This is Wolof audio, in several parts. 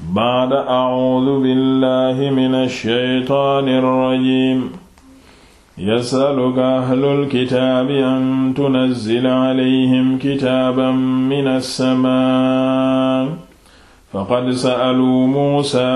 baada acuudu billahi min alsheytaani alrajim yasaluka ahlul kitaabi an tunazzila calayhim kitaaban min alsamaa faqad sa'aluu muusa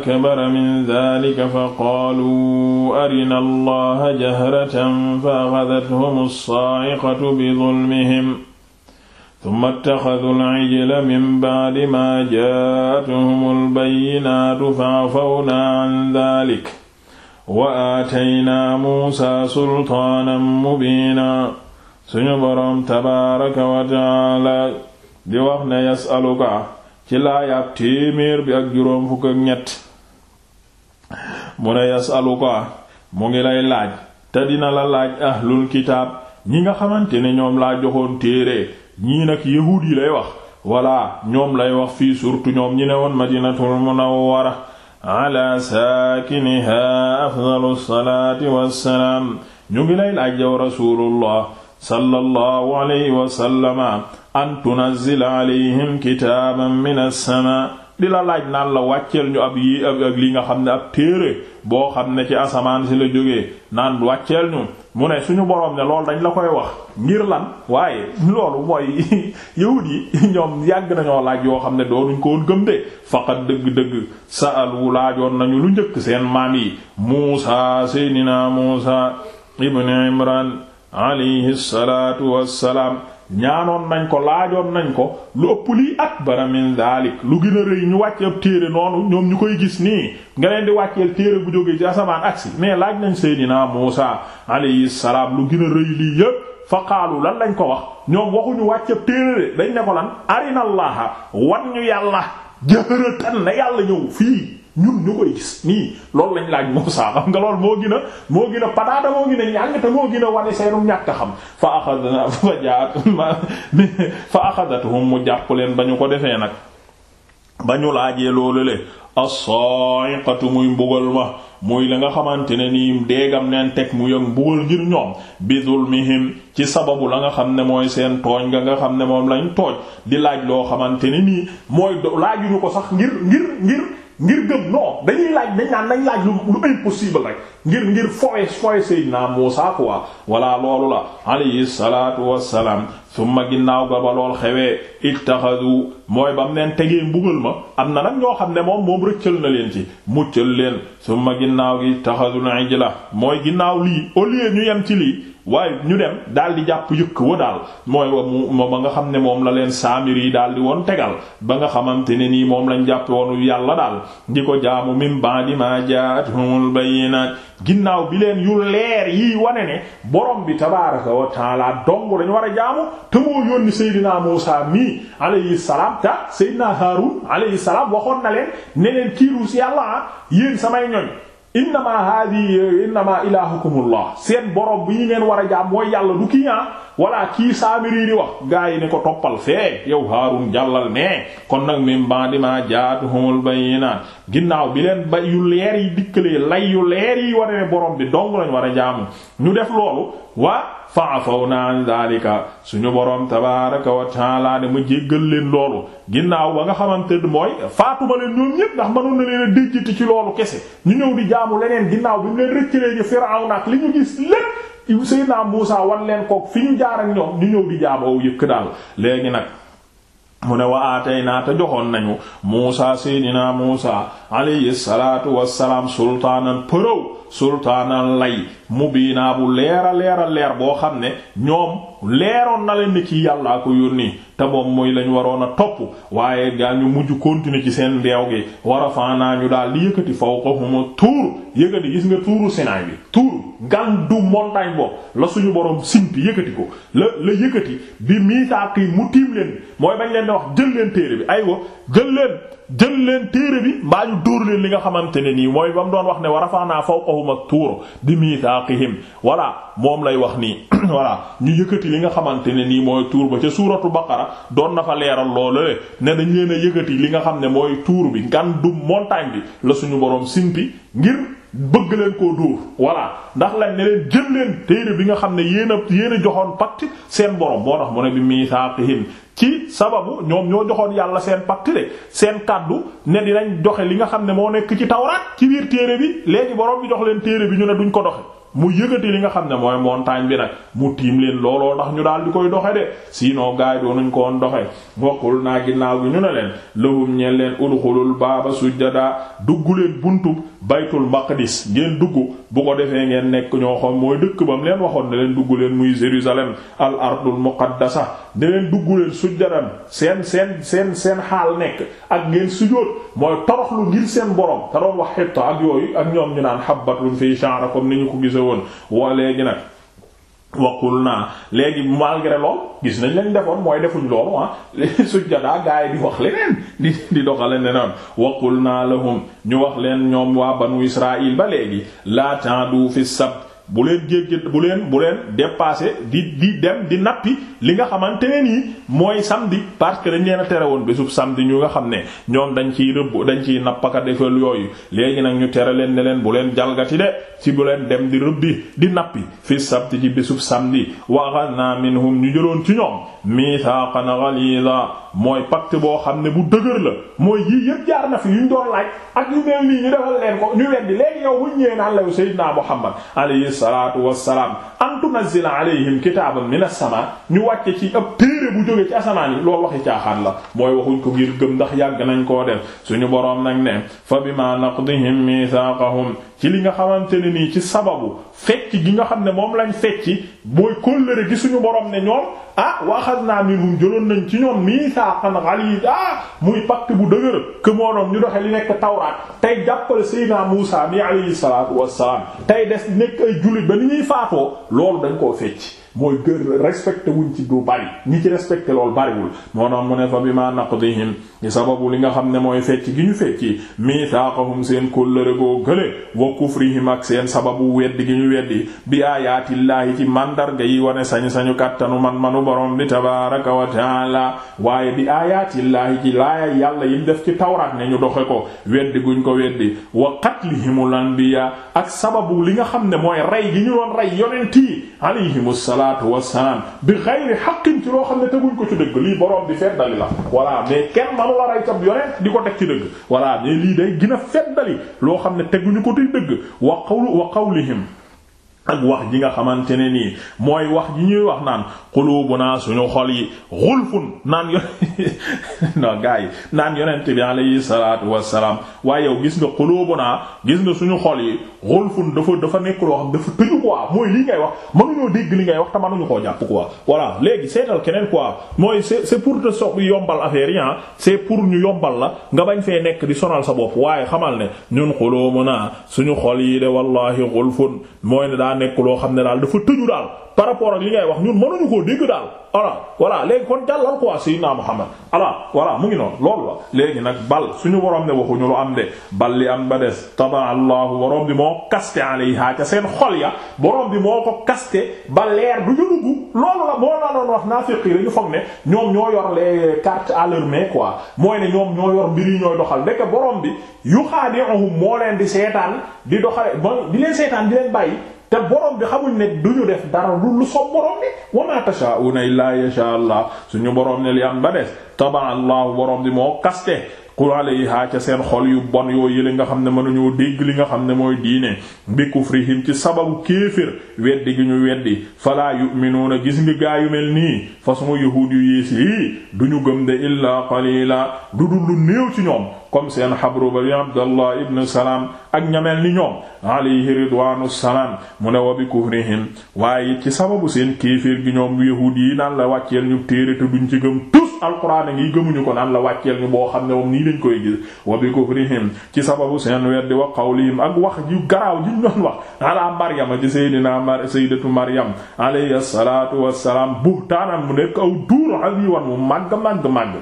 akbara min daalika faqaaluu arina allaha jahratan fa axadathum alsaaciqatu bi dulmihim tumma attaxadu al-ijla min ba'di maa jaa'atuhumul bayyinaatu fa'afawnaa an daalik wa aataynaa Muusaa sultaanan mubiinaa suñu boroom tabaaraka wa ta'aala di wax ne yasaluka ci laayaab téeméer bi ak juróom fukk ak ñett mu ne yasaluka mu ngi lay laaj te dina la laaj ahlul kitaab ñi nga xamante ne ñoom laa joxoon téere ñii nag yahuud yi lay wax walla ñoom lay wax fii surtout ñoom ñi ne woon madinatul munawwara ala saakiniha afdalu salaati wassalaam ñu ngi lay laaj yow rasulullah sallallahu alayhi wa sallama an tunazzila alayhim kitaaban min as-samaa di la laaj naan la wàcceel ñu ab yi ak li nga xam ne ab téere boo xam ne ci asamaan si la jógee naan wàcceel ñu mu ne suñu boroom ne lool dañ la koy wax ngir lan waaye loolu mooy yahud yi ñoom yàgg nañoo laaj yoo xam ne doonuñ ko woon gëm de faqat dëgg-dëgg sa'alu laajoon nañu lu njëkk seen maam yi Muusa seydinaa Muusa ibn Imran alayhi salaatu wassalaam ñaanoon nañ ko laajoon nañ ko lu ëpp lii ak min dalik lu gën a rëy ñu wàcc ab téere noonu ñoom ñu koy gis nii nga di wàcceel téere bu jógee ci asamaan agsi mais laaj nañ seydinaa Muusa alayhi salaam lu gën a rëy lii yépp fa qaalu lan lañ ko wax ñoom waxuñu wàcc ab téere de dañ ne ko lan arinallaha wan ñu yàlla jëhëratan na yàlla ñëw fii ñun ñu koy gis nii loolu lañ laaj Muusaa xam nga loolu moo gën a moo gën a pataata moo gën a ñàng te moo gën a wane seenu ñàkk xam fa axadna fa jaat fa axadathum mu jàpp leen ba ñu ko defee nag ba ñu laajee loolu le as-sa'iqatu muy mbugal ma muy la nga xamante ne nii déegam neen teg mu yëg mbugal ngir ñoom bi zulmihim ci sababu la nga xam ne mooy seen tooñ nga nga xam ne moom lañ tooj di laaj loo xamante ne nii mooy do laajuñu ko sax ngir ngir ngir ngir gëm non dañuy laaj dañ nañ laaj lu impossible rek ngir ngir foye foye Seydina Muusa quoi walla loolu la alayhi salaatu wassalaam summa ginnaaw ga ba lool xewee ittaxadu mooy ba mu leen mbugal ma am na nag ñoo xam ne moom moom rëccal na leen ci muccal leen summa ginnaaw gi ittaxadu ijla mooy ginnaaw lii au lieu ñu yem ci lii waaye ñu dem daal di jàpp yëkk wa daal mooy wa moo ba nga xam ne moom la leen saamir yi daal di woon tegal ba nga xamante ne nii moom lañ jàpp woonu yàlla daal di ko jaamu min ba'di ma jaa'athumul bayyinaat ginnaaw bi leen yu leer yiy wane ne borom bi tabaaraka wa taala dañu war a jaamu te moo yónni Seydina Muusa mii alayhi salaam te Seydina Haarun alayhi salaam waxoon na leen ne leen kiiru si yàlla ah samay ñoñ innama haadi innama ilahukumullah seen borom bi ngeen war a jaam mooy yàlla du kii ah walla kii Saamiri di wax gaa yi ne ko toppal fee yow Haarun jàllal nee kon nag jaatu ba'di ba yi bayyinaat ginnaaw bi leen ba yu leer yi dikkalee lay yu leer yi wane ne borom bi dong lañ war a jaamu ñu def loolu waa fa'afawnaa an daalika suñu borom tabaaraka wa laa ne mu jéggal leen loolu ginnaaw ba nga xamante ne mooy faatuma leen ñoom ñépp ndax mënoon na leen a déjjati ci loolu kese ñu ñëw di jaamu leneen ginnaaw bi mu leen rëccalee li Seydina Muusa wan leen kook fi ñu jaar ak ñoom ñu ñëw di jaamoo yëkk daal léegi nag mu ne wa aatay naa te joxoon nañu Muusa Seydina Muusa alayhi salaatu wassalaam sultaanan përëw sultaanan lay mubiinaa bu leera leera leer boo xam ne ñoom leeroon na leen ni ki yàllaa ko nii te moom mooy lañ waroon a topp waaye gaa ñu mujj continuer ci seen ndeew gi war naa ñu daal di yëkkati fawqahum tuur yëkkati gis nga tuuru Sinaay bi tuur du montagne boobu la suñu borom simpi yëkkati ko la la yëkkati bi miitaak yi mu tiim leen mooy bañ leen di wax jël leen téere bi aywa jël leen jël leen téere bi mbaa ñu dóor leen li nga xamante ne nii mooy ba mu doon wax ne wa rafa'naa fawqahum tuur bi miithaaqihim voilà moom lay wax nii ñu yëkkati li nga xamante ne nii mooy tuur ba ca suuratu baqara doon na fa leeral loolu le ne dañ leen a yëkkati li nga xam ne mooy tuur bi ngan du montagne bi la suñu boroom simpi ngir bëgg leen koo dóor voilà ndax lañ ne leen jël leen téere bi nga xam ne yéen a yéen a joxoon pacte seen borom moo tax mu ne bi miisaaqihim ci sababu ñoom ñoo joxoon yàlla seen pacte de seen kàddu ne dinañ joxe li nga xam ne moo nekk ci tawraat ci biir téere bi léegi borom bi jox leen téere bi ñu ne duñ ko doxe mu yëgati li nga xam ne mooy montagne bi nag mu tiim leen looloo ndax ñu daal di koy doxe de sinon gaay doonuñ ko woon doxe bokkul naa ginnaaw gi ñu ne leen lahum ñeen leen udxulul baaba sujjada dugguleen buntub baytul maqdis ngeen dugg bu ko defee ngeen nekk ñoo xam mooy dëkk ba mu leen waxoon ne leen dugg leen muy Jérusalem al ardul muqaddasa ne leen dugg leen sujjadan seen seen seen seen xaal nekk ak ngeen sujoot mooy toroxlu ngir seen borom te doon wax xetta ak yooyu ak ñoom ñu naan habbatun fii sha'ra comme ni ñu ko gise woon woo léegi nag waqul naa léegi malgré lool gis nañ lañ defoon mooy defuñ loolu ah sujjadaa gaa yi di wax leneen di doxale ne noon waqul naa lahum ñu wax leen ñoom waa banu israil ba léegi laa ta'du fi sabt bu leen jéggi bu leen bu leen dépassé di di dem di nappi li nga xamante ne nii mooy samedi parce que dañ leen a tere woon bésub samedi ñu nga xam ne ñoom dañ ciy rëbb dañ ciy nappaka defal yooyu léegi nag ñu tere leen ne leen bu leen jalgati de ci bu leen dem di rëbbi di nappi fi sabti ci bésub samedi wa akhadna minhum ñu jëloon ci ñoom mithaqan ghaliza mooy pacte boo xam ne bu dëgër la mooy yii yëpp jaar na fi yu ñu doon laaj ak yu mel nii ñu defal leen ko ñu weddi léegi yow bu ñu ñëwee naan la Seydina Muhammad alayhi salaatu wassalaam an tunazzila alayhim kitaaban minas samaa ñu wàcce ci ab téere bu jóge ci asamaan yi loolu waxi caaxaan la mooy waxuñ ko ngir gëm ndax yàgg nañ koo def suñu boroom nag ne fa bimaa naqdihim miisaaqahum ci li nga xamante ne nii ci sababu fecc gi nga xam ne moom lañ fecci mooy kóllëre gi suñu borom ne ñoom ah waxas naa minhum jëloon nañ ci ñoom miisaaqan ghaliza ah, muy pacte bu dëgër que moo ñu doxe li nekk tawraat tey jàppale sayyidina Muusaa mi alayhi salaatu wassalaam tey des nekk ay jullit ba ni ñuy faatoo loolu dañ koo fecc mooy gër respecté wuñ ci du bari ñi ci respecté loolu bariwul moo tax mu ne fa bi ma naqdihim di sababu li nga xam ne mooy fecc gi ñu fecci mithaqahum seen kóllëre goo gële wa kufrihim ak seen sababu weddi gi ñu weddi bi aayaatillaahi ci mandarga yi wane sañ-sañu man manu borom bi tabaraka wa taala waaye bi aayaatillaahi ci laaya yàlla yim def ci tawraat ne ñu doxe ko weddi guñ ko weddi wa qatlihimul anbiya ak sababu li nga xam ne mooy rey gi ñu doon rey yonent alayhimu salaatu wassalaam bi xayri xaqin ci loo xam ne teguñ ko ci dëgg lii borom bi feddali la voilà mais kenn manu la rey tab yonent di ko teg ci dëgg voilà mais lii day gën a feddali loo xam ne teguñu ko ci dëgg wa qawlu wa qawlihim ak wax ji nga xamante ne nii mooy wax ji ñuy wax naan qulubuna suñu xol yi xulfun naan yo no gaa yi naan yonent bi alayhi salaatu wassalaam waaye yow gis nga qulubuna gis nga suñu xol yi xulfun dafa dafa nekk xam dafa tëju quoi mooy lii ngay wax mënuñoo dégg li ngay wax te mënuñu koo jàpp quoi voilà léegi seetal keneen quoi mooy c'est c'est pour te sox yombal affaire yi ah. c'est pour ñu yombal la nga bañ fee nekk di sonal sa bopp waaye xamal ne ñun qulubuna suñu xol yi de wallahi xulfun mooy ne nekk loo xam ne daal dafa tëju daal par ak li ngay wax ñun mënuñu koo dégg daal voilà voilà léegi kon jàllal quoi sayyidina Muhammad ala voilà mu ngi noonu loolu la léegi nag bal suñu borom ne waxuñu lu am de bal li am ba des taba allahu borom bi moo kaste alayha ca ba la boo la doon wax naafiq yi dañu foog ne ñoom ñoo yor les cartes à leur main quoi mooy ne ñoom ñoo yor mbir yi ñooy doxal ndeke borom bi yu xaadi'uhum moo leen di seetaan di doxale di leen seetaan di leen bàyyi te borom bi xamuñ ne du ñu def dara lu lu soob borom bi wa ma tashaa'una illaa yasha Allah suñu borom ne li am ba des taba Allah borom bi moo kaste xulayha ca seen xol yu bon yoo yële nga xam ne mënuñoo dégg li nga xam ne mooy diine bi kufrihim ci sababu kéefér weddi gi ñu weddi falaa a gis ngi gaayu mel nii façon yahuud yu yées yi du ñu gëm de illaa qalila du dul lu néew ci ñoom comme seen xabru ba bi abdallah ibn salaam ak ñameel ni ñoom alayhi ridwaanu salaam mu ne wa bi kufrihim waaye ci sababu seen kéeféer gi ñoom yahuud yi naan la wàcceel ñu téere te duñ ci gëm alquran a ngi gëmuñu ko naan la wàcceel ñu boo xam ne moom nii lañ koy gis wa bi kufrihim ci sababu seen weddi wa qawlihim ak wax ju garaaw ji ñu doon wax ala maryama ci sayyidina mar sayyidatu maryam alayhi salaatu wassalaam buhtaanam mu nekk aw duur aziwan mu màgg màgg màgg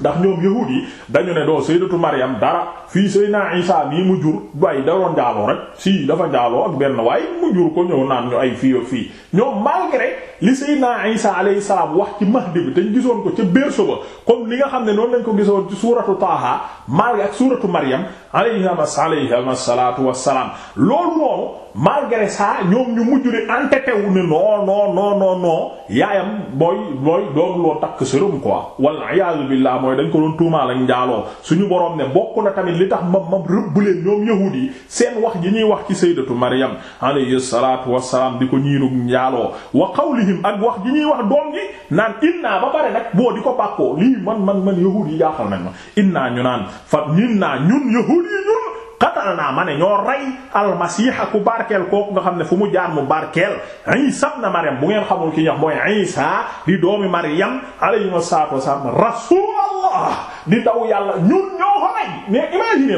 ndax ñoom yahuud yi dañu ne doo sayyidatu Maryam dara fii Seydina Isa mii mu jur waaye da doon njaaloo rek si dafa njaaloo ak benn waaye mu jur ko ñëw naan ñu ay fii ak fii ñoom malgré li Seydina Isa alayhi salaam wax ci Mahdi bi te ñu gisoon ko ca berceau ba comme li nga xam ne noonu lañ ko gisoon ci suuratu Taaha malgré ak suuratu Maryam alayhimas alayhimas salaatu wassalaam loolu noonu malgré ça ñoom ñu mujj di entêté wu ne non non non non non yaayam booy booy doon loo takk sërëm quoi wal iyaazu billaah mooy dañ ko doon tuumaal ak njaaloo suñu boroom ne bokk na tamit li tax mam ma rëbb leen ñoom yahuud yi seen wax ji ñuy wax ci sayyidatu Maryam alayhi salaatu wassalaam di ko ñiinug njaaloo xaw qawlihim ak wax ji ñuy wax doom gi naan inna ba pare nag boo di ko bàkkoo lii man man man nañ ma inna ñu naan fa inna ñun yahuud ñun qatalnaa ma ne ñoo rey almasiiha ku barkeel kooku nga xam ne fu mu jaar mu barkeel isa ibn maryam bu ngeen xamul ki ñax mooy isa di doomi maryam alayhi salaatu wassalaam rasuulallah di daw yàlla ñun ñoo ko rey mais imagine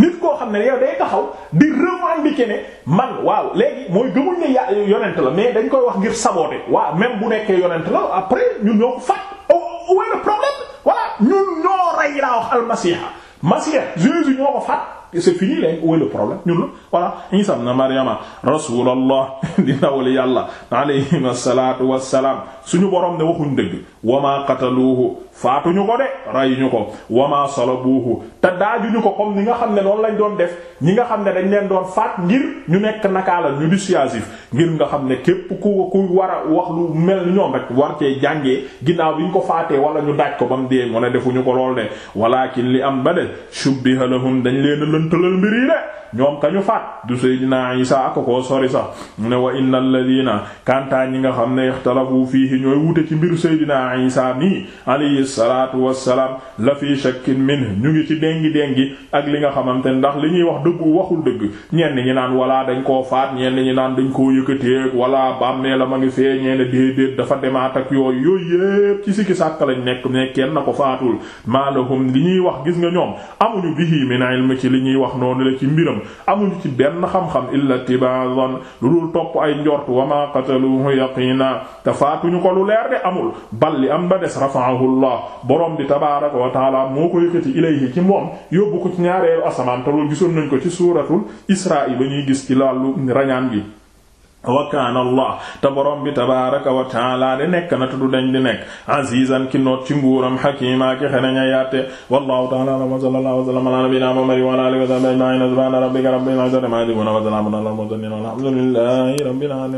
nit koo xam ne yow day taxaw di revendiquer ne man waaw léegi mooy gëmul ne ya yonent la mais dañ koy wax ngir saboter waaw même bu nekkee yonent la après ñun ñoo ko faat oh, oh, oh, où est problème voilà ñun ñoo rey laa wax almasiiha Masiya Jésus ñoo ko faat et c'est fini léegi où est le problème ñun la voilà Isa ibn Maryama rasulallah di ndawal yàlla alayhim asalaatu wassalaam suñu borom ne waxuñ dëgg wama qataluuhu faatuñu ko de rayuñu ko wama salabuuhu te daajuñu ko kom ni nga xam ne noonu lañ doon def ñi nga xam ne dañ leen doon faat ngir ñu nekk nakaala ñu dissuasif ngir nga xam ne képp ku ku war a wax lu mel ñoom rek war cee jàngee ginnaaw bi ñu ko faatee wala ñu daaj ko ba mu dee mu ne defuñu ko lool de lëntalal mbir yi de ñoom kañu faat du Seydina Isa ak ko sori sax mu ne wa innal ladina kantaa ñi nga xam ne ixtalafu fii ñooy wute ci mbir Seydina Isa nii alayhi salaatu wassalaam la fii shakkin min ñu ngi ci dengi dengi ak li nga xamante ndax li ñuy wax dëggu waxul dëgg ñenn ñi naan walaa dañ koo faat ñenn ñi naan dañ koo yëkkateeg wala bam nee la ma ngi fee ñee déedéet dafa demaat ak yooyu yooyu ci sikki sàkk lañ nekk ne kenn na ko faatul maalahum li ñuy wax gis nga ñoom amuñu bihi min ilm ci li ñuy wax noonu ci mbiram amuñu ci benn xam-xam illa tibazan lu dul topp ay njort wa ma qataluhu yaqina te faatuñu ko lu leer amul bal li am ba des rafa'ahu llah borom bi tabaaraka wa moo ko yëkkati ilayhi ci moom yóbbu ko ci ñaareelu asamaan te loolu gisoon nañ ko ci suuratul Israa ba ñuy gis ci laalu rañaan gi wa kaana allah te borom bi tabaraka wa taala de nekk na te du dañ di nekk azizan ki noot ci nguuram hakima ki xeneña yatte wallahu taala wa sallallahu wa sallam ala nabiyyina muhammad wa ala alihi wa sahbihi ajma'in subhana rabbika rabbil izzati amma yasifun wa salamun ala al mursalin walhamdulillahi rabbil alamin